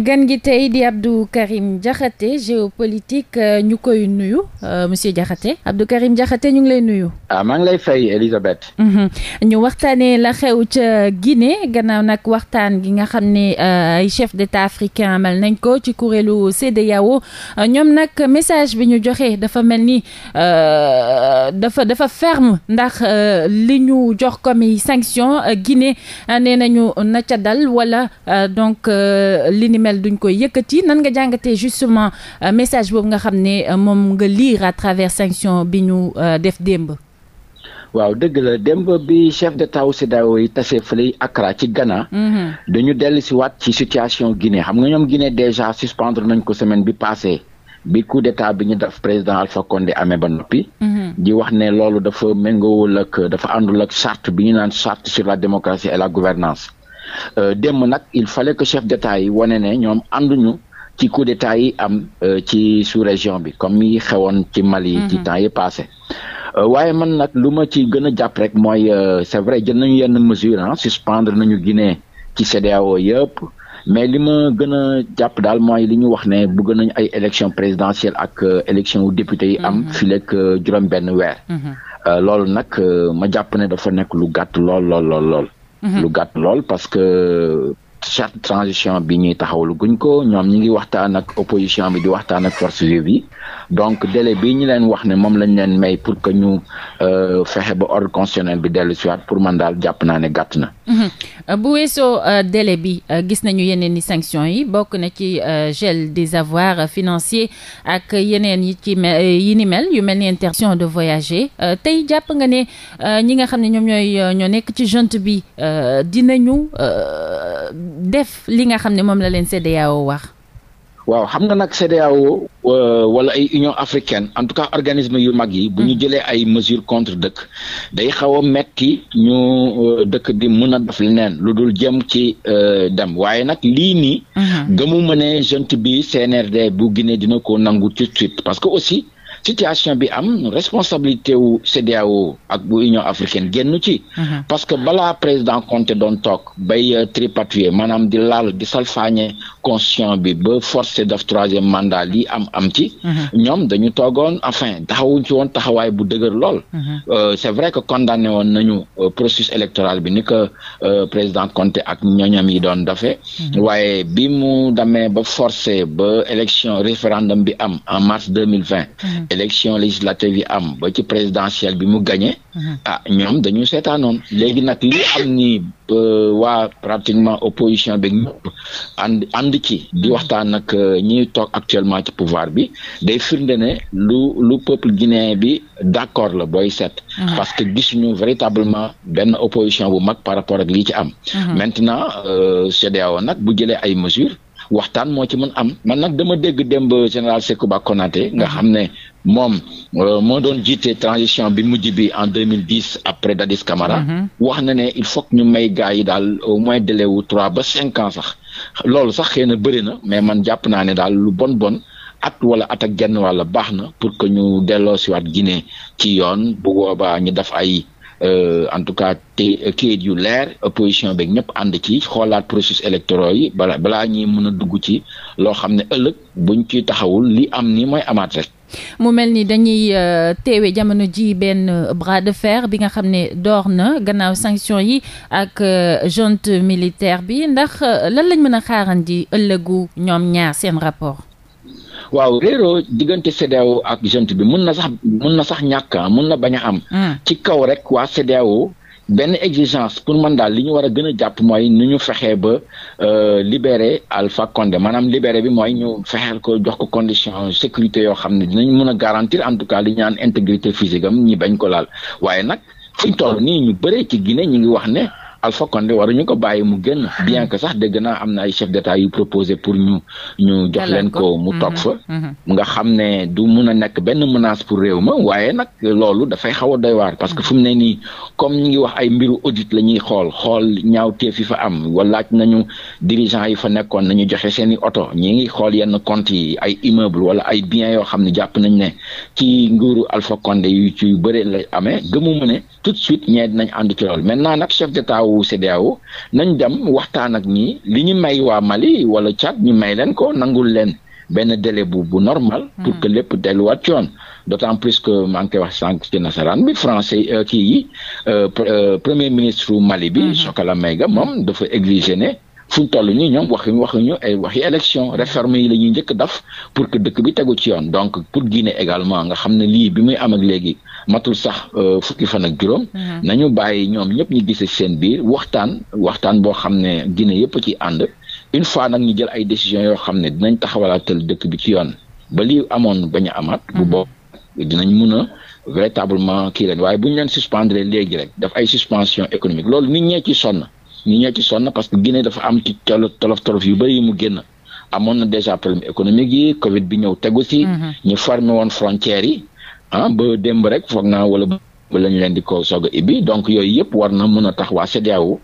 gan gi tey di Abdou Karim Diakhaté géopolitique euh, ñu koy nuyu euh, monsieur Diakhaté Abdou Karim jaxate ñu ngi lay nuyu. ah maa ngi lay fay Elisabeth. Mhm. ñu waxtaanee la xew ca Guinée gannaaw nag waxtaan gi nga xam ne euh, ay chef d'État africain amal nañ ko ci kuréelu CEDEAO ñoom nag message bi ñu joxe dafa mel ni dafa dafa ferme ndax li ñu jox comme sanction Guinée nee nañu na ca dal wala donc li ni mel duñ koy yëkkati nan nga jàngatee justement euh, message boobu nga xam ne euh, moom nga liir à travers sanction bi ñu euh, def démb. waaw dëgg la démb bi chef d'état wu CEDEAO yi tase fële Accra ci Ghana. Mm-hmm. dañu dellu si waat ci situation Guinée xam nga ñoom Guinée déjà suspendre nañ ko semaine bi passée bi coup d'état bi ñu def président Alpha Condé amee ba noppi. Mm-hmm. di wax ne loolu dafa méngoowul ak dafa àndul ak charte bi ñu naan charte sur la démocratie et la gouvernance Euh, démb nag il fallait que chef d'état yi wane ne ñoom ànduñu ci coup d'état yi am euh, ci sous-région bi comme yi xewoon ci mal Mali mhm. ci temps yi passé euh, waaye man nag lu ma ci gën a jàpp rek mooy c'est vrai jël nañu yenn mesure ah suspendre nañu Guinée ci CEDEAO yëpp mais li ma gën a jàpp daal mooy li ñu wax ne bëgg nañu ay élection présidentielle ak élection u député yi am mhm. fileeg juróom benn weer mhm. loolu nag ma jàpp ne dafa nekk lu gàtt lool lool lool lool lu mhm. gàtt lool parce que charte transition bi ñuy taxawlu guñ ko ñoom ñi ngi waxtaan ak opposition bi di waxtaan ak force vive yi donc délai bi ñu leen wax ne moom lañ leen may pour que ñu euh, fexe ba ordre constitutionnel bi dellu si waat pour man daal jàpp naa ne gàtt na. Mhm. Euh, bu weesoo euh, délai bi gis nañu yeneen i sanctions yi bokk na ci gel des avoirs financiers ak yeneen yi ci yi ni mel yu mel ni interdiction de voyager tey jàpp nga ne ñi nga xam ne ñoom ñooy ñoo nekk ci junte bi dinañu. def li nga xam ne moom la leen CEDEAO wax. waaw xam nga nag CEDEAO euh, wala ay Union africaine en tout cas organisme yu mag yi. bu ñu mm. jëlee ay mesure contre dëkk. day xaw a metti ñu euh, dëkk bi mun a def leneen lu dul jëm ci euh, dem waaye nag lii nii. Mm-hmm. gëmu ma ne junte bi CNRD bu Guinée dina ko nangu parce que aussi situation bi am responsabilité wu CEDEAO ak bu Union africaine génn ci. Mhm. parce que balaa président Conté doon toog bay euh, tripatouiller maanaam di laal di salfaañe constitution bi ba forcé def troisième mandat lii am am ci. Mhm. ñoom dañu toogoon enfin taxawuñ ci woon taxawaay bu dëgër lool. Mhm. Euh, c'est vrai que condamné woon nañu euh, processus électoral bi ni que président Conté ak ñoñam yi doon dafee waaye bi mu demee ba forcé ba élection référendum bi am en mars deux mille vingt élection législative yi am ba ci présidentielle bi mu gagné. Mhm. a ah, ñoom dañu seetaanoon léegi nag li am ni euh, waa pratiquement opposition bi ñëpp ànd ànd ci di mhm. waxtaan ak euh, ñiy toog actuellement ci pouvoir bi day firnde ne lu lu peuple guinéen bi d'accord la booy seet. Mhm. parce que gisuñu véritablement benn opposition bu mag par rapport ak lii ci am. maintenant euh, CEDEAO nag bu jëlee ay mesures. waxtaan moo ci man am man nag dama dégg démb général Sékouba Konaté nga xam ne moom euh, moo doon jiite transition bi mujj bi en deux mille dix après Dadis Camara mhm. wax na ne il faut ñu may gars yi daal au moins délai wu trois ba cinq ans sax loolu sax xëy na bëri na mais man jàpp naa ne daal lu bon bon at wala at genn wala baax na pour que ñu delloo delloosiwaat Guinée ci yoon bu boobaa ñu def ay Euh, en tout cas te euh, kayit yu leer position beeg ñëpp ànd ci xoolaat processus électoral yi bala balaa ñuy mën a dugg ci loo xam ne ëllëg buñ ci taxawul li am ni mooy amaat rek. mu mel ni dañuy euh, teewe jamono ji benn bras de fer bi nga xam ne door na gannaaw sanction yi ak junte militaire bi ndax lan lañ mën a xaarandi ëllëgu ñoom ñaar seen rapport. waaw réeroo diggante CEDEAO ak junte bi mun na sax mun na sax ñàkk ah, mun na bañ a am. Hmm. ci kaw rek waa CEDEAO benn exigence pour man daal li ñu war a gën a jàpp mooy nu ñu fexee ba euh, libérer Alpha Condé maanaam libéré bi mooy ñu fexeel ko jox ko condition sécurité yoo xam ne dinañ mën a garantir en tout cas li ñu naan intégrité physique am ñi bañ ko laal waaye nag. fiñ toll nii ñu bëree ci Guinée ñu ngi wax ne Alpha Condé waruñu ko bàyyi mu génn hmm. bien que sax dégg na am na ay chef d'état yu proposé pour ñu ñu jox leen ko mu toog hmm. fa hmm. nga xam ne du mun a nekk benn menace pour réew ma waaye nag loolu dafay xaw a doy parce que fu mu ne nii comme ñu ngi wax ay mbiru audit la ñuy xool xool ñaawteef yi fa am wala laaj nañu dirigeant yi fa nekkoon nañu joxe seeni oto ñi ngi xool yenn compte yi ay immeuble wala ay biens yoo xam ne jàpp nañ ne ci nguuru Alpha Condé yu ci bëre la amee gëmuma ne tout de wu CEDEAO nañ dem waxtaan ak ñi li ñu may waa Mali wala Tchad ñu may leen ko nangul leen benn délai bu bu normal. Hmm. pour que lépp delluwaat ci yoon. d'autant plus que maa ngi koy wax sànq ci nasaraan bi français euh, kii yi euh, euh, premier ministre Mali bi. Hmm. Sokala Maïga moom dafa exiger ne. fu mu toll nii ñoom waxuñu waxuñu ay waxi élection réforme yi la ñuy njëkk daf pour que dëkk bi tegu ci yoon donc pour Guinée également nga xam ne lii bi muy am ak léegi matul sax euh, fukki fan ak juróom. Mhm. nañu bàyyi ñoom ñëpp ñu gisee seen biir waxtaan waxtaan boo xam ne Guinée yëpp ci ànd une fois nag ñu jël ay décisions yoo xam ne dinañ taxawalaatal dëkk bi ci yoon ba lii amoon bañ a amaat. bu mhm. boobu dinañ mun a véritablement kii leen waaye bu ñu leen suspendre léegi rek daf ay suspension économique loolu nit ñee ci sonn. ñi ñoo ci sonn parce que Guinée dafa am ci tolof tolof yu bëri yu mu génn amoon na déjà problème économique yi Covid bi ñëw tegu si. Mm-hmm. ñu fermé woon frontières yi ah ba démb rek foog naa wala ba lañ leen di ko soog a ibbi donc yooyu yëpp war na mën a tax waa CEDEAO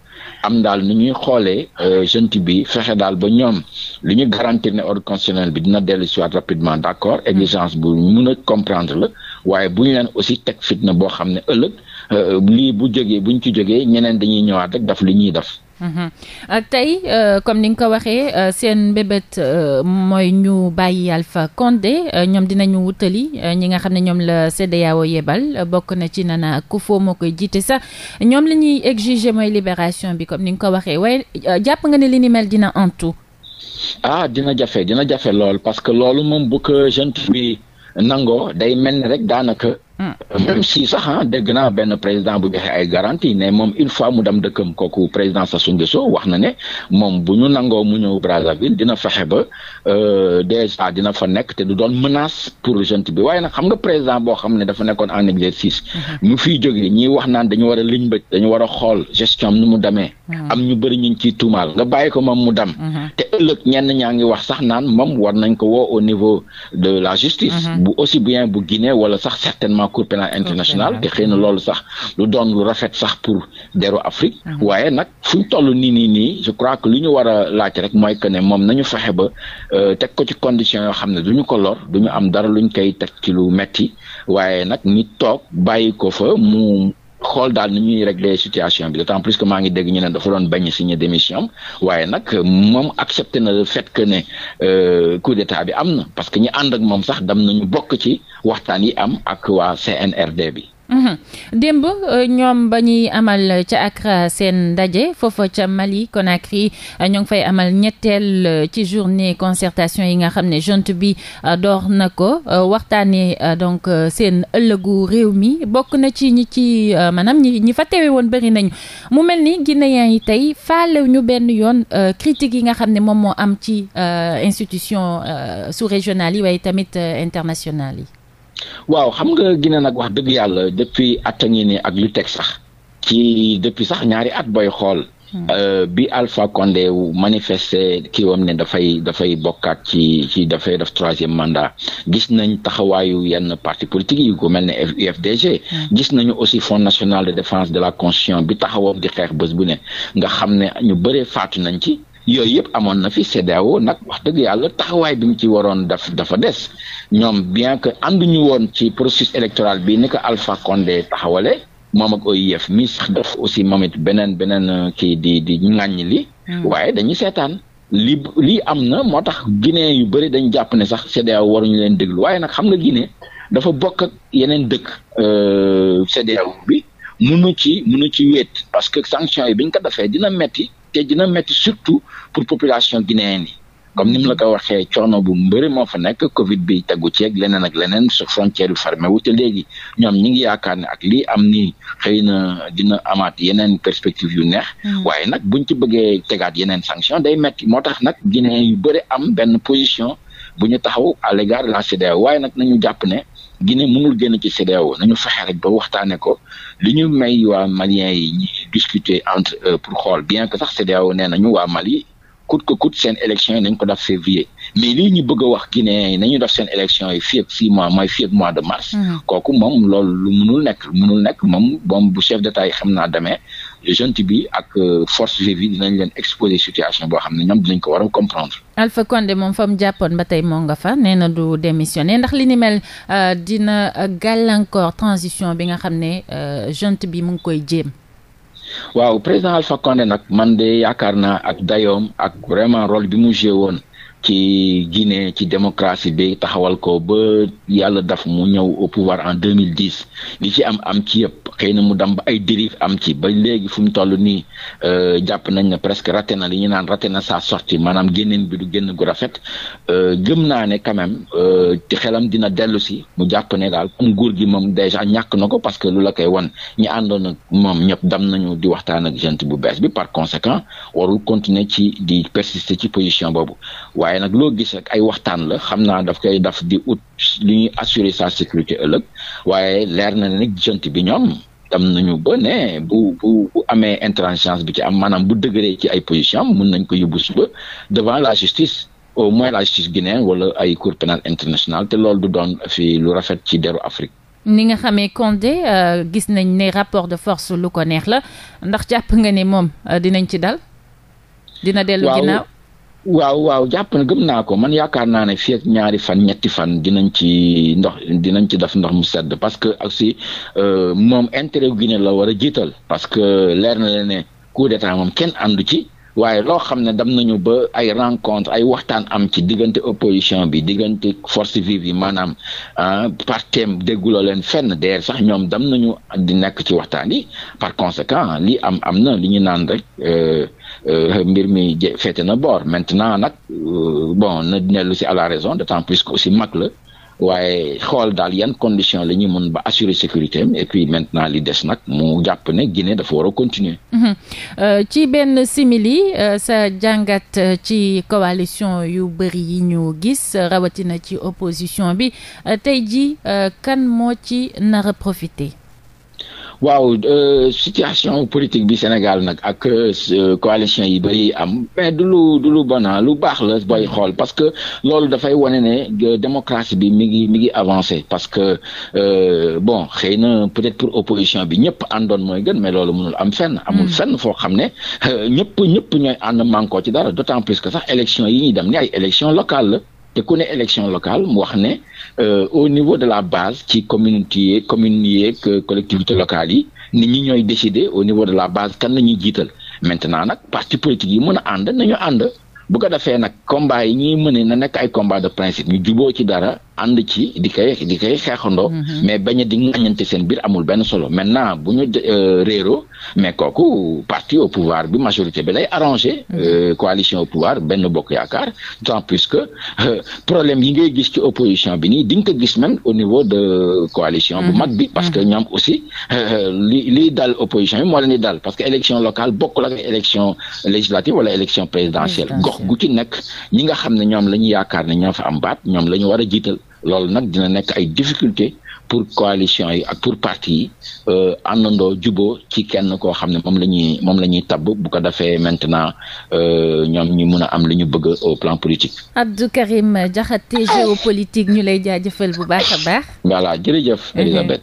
am daal nu ñuy xoolee euh, junte bi fexe daal ba ñoom lu ñu garantir ne ordre constitutionnel bi dina dellu si waat rapidement d' accord mm-hmm. exigence bu mën a comprendre la waaye bu ñu leen aussi teg fitna boo xam ne ëllëg. Euh, lii bu jógee bu ñu ci jógee ñeneen dañuy ñëwaat rek daf li ñuy def. Mhm. Euh, tey euh, comme ni nga ko waxee seen mbébét mooy ñu bàyyi Alpha de ñoom dinañu wutali ñi nga xam ne ñoom la CEDEAO yebal bokk na ci Nana Akufo moo koy jiite sax ñoom li ñuy exiger mooy libération bi comme ni nga ko waxee waaye jàpp nga ne li ni mel dina antu. ah dina jafe dina jafe lool parce que loolu moom bu ko jeune bi nangoo day mel ni rek daanaka. Euh, même si sax ah dégg naa benn président bu joxe ay garantie ne moom une fois mu dem dëkkam kooku président Sassou Nguesso wax na ne moom bu ñu nangoo mu ñëw Brazzaville dina fexe ba euh, déjà dina fa nekk te du doon menace pour jeune bi waaye na xam nga président boo xam ne dafa nekkoon en exercice. mu mhm. fiy jógee ñiy wax naan dañu war a liñ bët dañu war a xool gestion am nu mu demee. Mhm. am ñu bëri ñu ngi ciy tuumaal nga bàyyi ko moom mu dem. Mhm. te ëllëg ñenn ñaa ngi wax sax naan moom war nañ ko woo de la justice. bu aussi bien bu devant cour pénale internationale te xëy na mhm. loolu sax lu doon lu rafet sax pour deru Afrique mhm. waaye nag fu ñu toll nii nii je crois que lu ñu war a laaj rek mooy que ne moom nañu fexe ba euh, teg ko ci condition yoo xam ne du ñu ko lor du ñu am dara luñ koy teg ci lu metti waaye nag ñi toog bàyyi fa mu xool daal ni ñuy régler situation bi d'autant plus que maa ngi dégg ñu ne dafa doon bañ signé démission am waaye nag moom accepté na le fait que ne euh, coup d'état bi am na parce que ñi ànd ak moom sax dam nañu bokk ci waxtaan yi am ak waa CNRD bi Mhm. démb euh, ñoom ba ñuy amal ca Accra seen ndaje foofa ca Mali Conakry euh, ñoo ngi fay amal ñetteel euh, ci journée concertation yi nga xam ne junte bi door na ko waxtaanee donc seen ëllëgu réew mi bokk na ci ñi ci maanaam ñi ñi fa teewe woon bëri nañu mu mel ni guinéens yi tey faale ñu benn yoon critique yi nga xam ne moom moo am ci institution sous régionale yi waaye tamit internationales yi waaw xam nga Guinée nag wax dëgg yàlla depuis at a ngi nii ak lu teg sax ci depuis sax ñaari at booy xool. Uh, bi Alpha Condé manifesté kii wam ne dafay dafay bokkaat ci ci dafay def troisième mandat gis nañ taxawaayu yenn parti politique yi ku mel ne UFDG mm. gis nañu aussi Fonds national de défense de la constitution bi taxawam di xeex bës bu ne nga xam ne ñu bëree faatu nañ ci yooyu yëpp amoon na fi CEDEAO nag wax dëgg yàlla taxawaay bi mu ci waroon daf dafa des ñoom bien que ànduñu woon ci processus électoral bi ni ko Alpha Condé taxawale moom ak OIF mi sax def aussi moom it beneen beneen euh, kii di di ŋàññi li hmm. waaye dañuy seetaan li lii am na moo tax Guinée yu bëri dañ jàpp ne sax CEDEAO waruñu leen déglu waaye nag xam nga Guinée dafa bokk yeneen dëkk euh, CEDEAO bi munu ci munu ci wéet parce que sanction yi biñ ko defee dina metti te dina métti surtout pour population guinéenne yi comme ni mu la ko waxee coono bu mbëri moo fa nekk Covid bi tegu ceeg leneen ak leneen su frontière yu fermé wu te léegi ñoom ñi ngi yaakaar ne ak lii am nii xëy na dina amaat yeneen perspective yu neex. Mm. waaye nag buñ ci bëggee tegaat yeneen sanction day metti moo tax nag Guinée yu bëri am benn position. bu ñu taxaw à l'égard la CEDEAO waaye nag nañu jàpp ne Guinée mënul génn ci CEDEAO nañu fexee rek ba waxtaane ko li ñu may waa Maliens yi ñi discuter entre pour xool bien que sax CEDEAO nee nañu waa Mali coûte que coûte seen élection yi nañ ko def février mais lii ñu bëgg wax Guinéens yi nañu def seen élection yi fii ak mois mooy fii mois de mars. Mm. kooku moom lool lu mënul nekk mënul nekk moom moom bu chef d'état yi xam naa demee junte bi ak euh, force G dinañ leen exposer situation boo xam ne ñoom dinañ ko war a comprendre. Alpha Condé moom fa mu jàppoon ba tey moo nga fa nee na du démissionné ndax li ni mel euh, dina gàllankoor transition bi nga xam ne euh, junte bi mu ngi koy jéem. waaw président Alpha Condé nag man de yaakaar naa ak dayoom ak vraiment rôle bi mu joué woon ci Guinée ci démocratie be taxawal ko ba yàlla daf mu ñëw au pouvoir en deux mille dix li ci am am ci yëpp xëy na mu dam ba ay dérive am ci ba léegi fu mu toll nii euh, jàpp nañ ne presque raté na li ñu naan raté na sa sorti maanaam génneen bi du génn gu rafet euh, gëm naa ne quand même ci euh, xelam dina dellu si mu jàpp ne daal comme guur gi moom déjà ñàkk na ko parce que lu la koy wan ñi àndoon ak moom ñëpp dam nañu di waxtaan ak gent bu bees bi par conséquent warul continuer ci di persister ci position boobu. waaye nag loo gis rek ay waxtaan la xam naa daf koy daf di ut li ñuy assurer sa sécurité ëllëg waaye leer na ne gisante bi ñoom tam nañu ba ne bu bu amee intransigence bu ci am maanaam bu dëgëree ci ay position mun nañ ko yóbbu suba devant la justice au moins la justice guinéenne wala ay cour pénale internationale te loolu du doon fi lu rafet ci deru Afrique. ni nga xamee Condé euh, gis nañ ne rapport de force lu ko neex la ndax jàpp nga ne moom euh, dinañ ci dal. waaw waaw jàpp na gëm naa ko man yaakaar naa ne fii ñaari fan ñetti fan dinañ ci ndox dinañ ci def ndox mu sedd parce que aussi euh, moom intérêt gu la war a jiital parce que leer na leen ne coup d'état moom kenn àndu ci waaye loo xam ne dem nañu ba ay rencontre ay waxtaan am ci diggante opposition bi diggante force vive yi maanaam ah partem dégguloo leen fenn der sax ñoom dem nañu di nekk ci waxtaan yi par conséquent ah, li am am na li ñu naan rek euh, euh, mbir mi féete na boor maintenant nag euh, bon na nellu si à la raison d'autant plus que aussi mag la waaye xool daal yan condition la ñuy mën ba assurer sécurité am et puis maintenant li des nag mu jàpp ne Guinée dafa war a continuer. Mhm. Euh, ci benn simili euh, sa jàngat euh, ci coalition yu bëri yi ñu gis rawatina ci opposition bi tey ji kan moo ci nar a profité. waaw euh, situation politique bi Sénégal nag ak euh, euh, coalition yi bari am mais du lu du lu bona lu baax la booy xool parce que loolu dafay wane ne démocratie bi mi ngi mi ngi avancé parce que bon xëy na peut-être pour opposition bi ñëpp àndoon mooy gën mais loolu mënul am fenn amul hmm. fenn foo xam ne ñëpp ñëpp ñooy ànd mànkoo ci dara d'autant plus que sax élection yi ñuy dem ni ay élection locale la te ku ne élection locale mu wax ne euh, au niveau de la base ci communauté yeeg communes yeeg euh, collectivité locales yi nit ñi ñooy décider au niveau de la base kan la ñuy jiital maintenant nag parti politique yi mën a ànd nañu ànd bu ko defee nag combat yi ñuy mëne na nekk ay combat de principe ñu juboo ci dara ànd ci di koy di koy xeexandoo. Mm-hmm. mais bañ a di ŋàññante seen biir amul benn solo maintenant bu ñu euh, réeroo mais kooku parti au pouvoir bi majorité bi lay arrangé. Mm-hmm. Euh, coalition au pouvoir benn bokk yaakaar tant plus que euh, problème yi ngay gis ci opposition bi nii di nga ko gis même au niveau de coalition bu mm-hmm. mag bi parce que ñoom aussi li li dal opposition bi moo leen di dal parce que élection locale bokk ak élection législative wala élection présidentielle gox gu ci nekk ñi nga xam ne ñoom la ñu yaakaar ne ñoo fa am baat ñoom la ñu war a jiital loolu nag dina nekk ay difficulté pour coalition yi ak pour parti yi euh, àndandoo juboo ci kenn koo xam ne moom la ñuy moom la ñuy tabb bu ko defee maintenant euh, ñoom ñu mun a am li ñu bëgg au plan politique. Abdou Karim Diakhaté ah. géopolitique ñu lay jaajëfal bu baax a baax. voilà jërëjëf eh Elisabeth.